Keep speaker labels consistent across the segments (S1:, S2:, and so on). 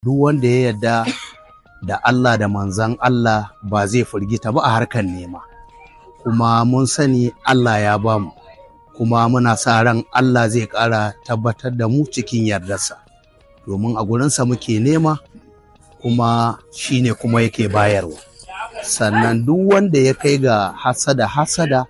S1: duk wanda ya yarda da Allah da manzan Allah ba zai firgita ba a harkar nema kuma mun sani Allah ya ba mu kuma muna sa ran Allah zai ƙara tabbatar da mu cikin yardarsa domin a gurinsa muke nema kuma ne kuma yake bayarwa sannan duk wanda ya kai ga hasada hasada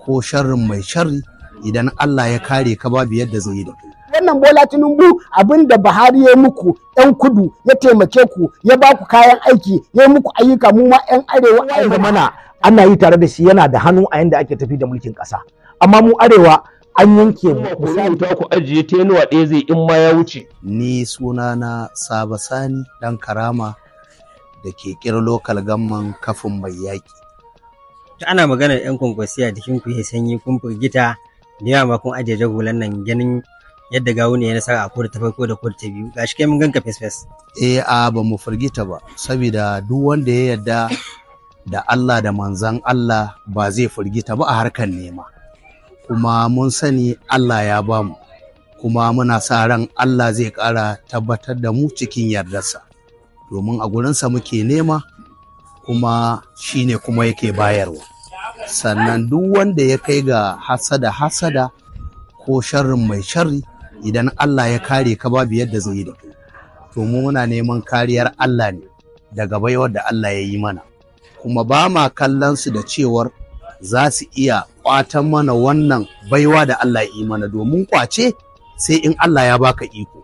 S1: ko sharrin mai sharri idan Allah ya kare ka babu yadda zai yi da kai wannan Bola Tinubu abinda Buhari ya muku yan kudu ya taimake ku ya ba ku kayan aiki ya muku ayyuka mu ma yan arewa a yanzu mana ana yi tare da shi yana da hannu a yanda ake tafi da mulkin ƙasa amma mu arewa an yanke mu misali ta ku ajiye tenuwa ɗaya zai in ma ya wuce ni suna Saba
S2: Sani dan Karama da ke kira lokal gamman kafin mai yaƙi. Ta ana maganar 'yan kwankwasiya a ku ya sanyi kun firgita da yawa ma kun ajiye jagoran nan ganin yadda gawo ne ya nasara a koda tafai farko da ta biyu shi kai mun ganka face face eh a ba mu firgita ba saboda duk wanda ya yadda da Allah da
S1: manzan Allah ba zai firgita ba a harkar nema kuma mun sani Allah ya ba mu kuma muna sa ran Allah zai ƙara tabbatar da mu cikin yardarsa domin a gurinsa muke nema kuma shine kuma yake bayarwa sannan duk wanda ya kai ga hasada hasada ko sharrin mai sharri idan Allah ya kare ka babu yadda zai yi da kai to mu muna neman kariyar Allah ne daga baiwar da Allah ya yi mana kuma ba ma kallon su da cewar za su iya kwatan mana wannan baiwa da Allah ya yi mana domin kwace sai in Allah ya baka iko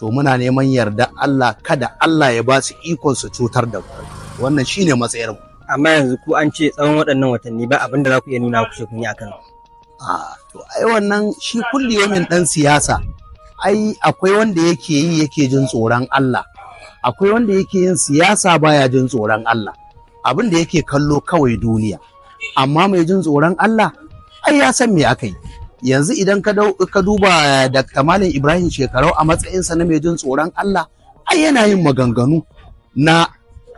S1: to muna neman yarda Allah
S2: kada Allah ya ba su ikon su cutar da ku. wannan shine matsayar mu amma yanzu ku an ce tsawon waɗannan watanni ba abin da za ku iya nuna ku shi kun yi akan Ah, to
S1: ai wannan shi kulli yomin dan siyasa ai akwai wanda yake yi yake jin tsoron Allah akwai wanda yake yin siyasa baya jin tsoron Allah abin da yake kallo kawai duniya amma mai jin tsoron Allah ai ya san me aka yi yanzu idan ka duba Dr. Malam Ibrahim Shekarau a matsayinsa na mai jin tsoron Allah ai yana yin maganganu na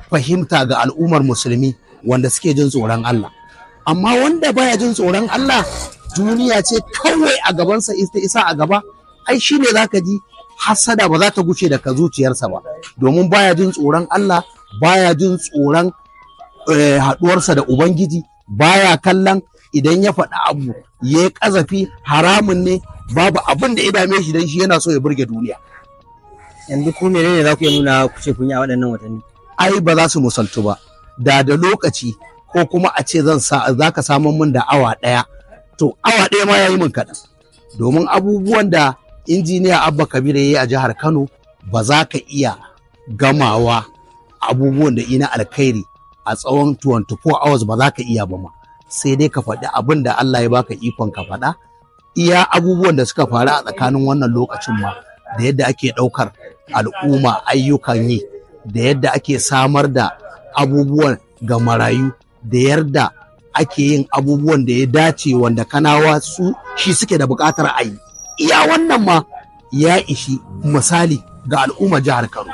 S1: fahimta ga al'ummar musulmi wanda suke jin tsoron Allah amma wanda baya jin tsoron Allah duniya ce kawai a gabansa ita isa a gaba ai za ka ji hasada ba za ta gushe daga zuciyarsa ba domin baya jin tsoron Allah baya jin tsoron eh, haɗuwarsa da ubangiji baya kallon idan ya faɗi abu ya yi ƙazafi haramun ne babu abin da ya shi don shi yana so ya burge duniya yanzu ku ne za ku yi nuna ku ce kun yi a waɗannan watanni ai ba za su musaltu ba da da lokaci ko kuma a ce zan sa za ka samun min da awa ɗaya to awa ɗaya ma ya yi min kaɗan domin abubuwan da injiniya abba kabir ya yi a jihar kano ba za ka iya gamawa abubuwan da ina alkhairi a tsawon 24 hours ba za ka iya ba ma sai dai ka faɗi abin da Allah ya baka ikon ka faɗa iya abubuwan da suka faru a tsakanin wannan lokacin ma da yadda ake ɗaukar al'umma ayyukan yi da yadda ake samar da abubuwan ga marayu da yarda ake yin abubuwan da ya dace wanda kanawa su shi suke da buƙatar a yi iya wannan ma ya ishi misali ga al'ummar jihar kano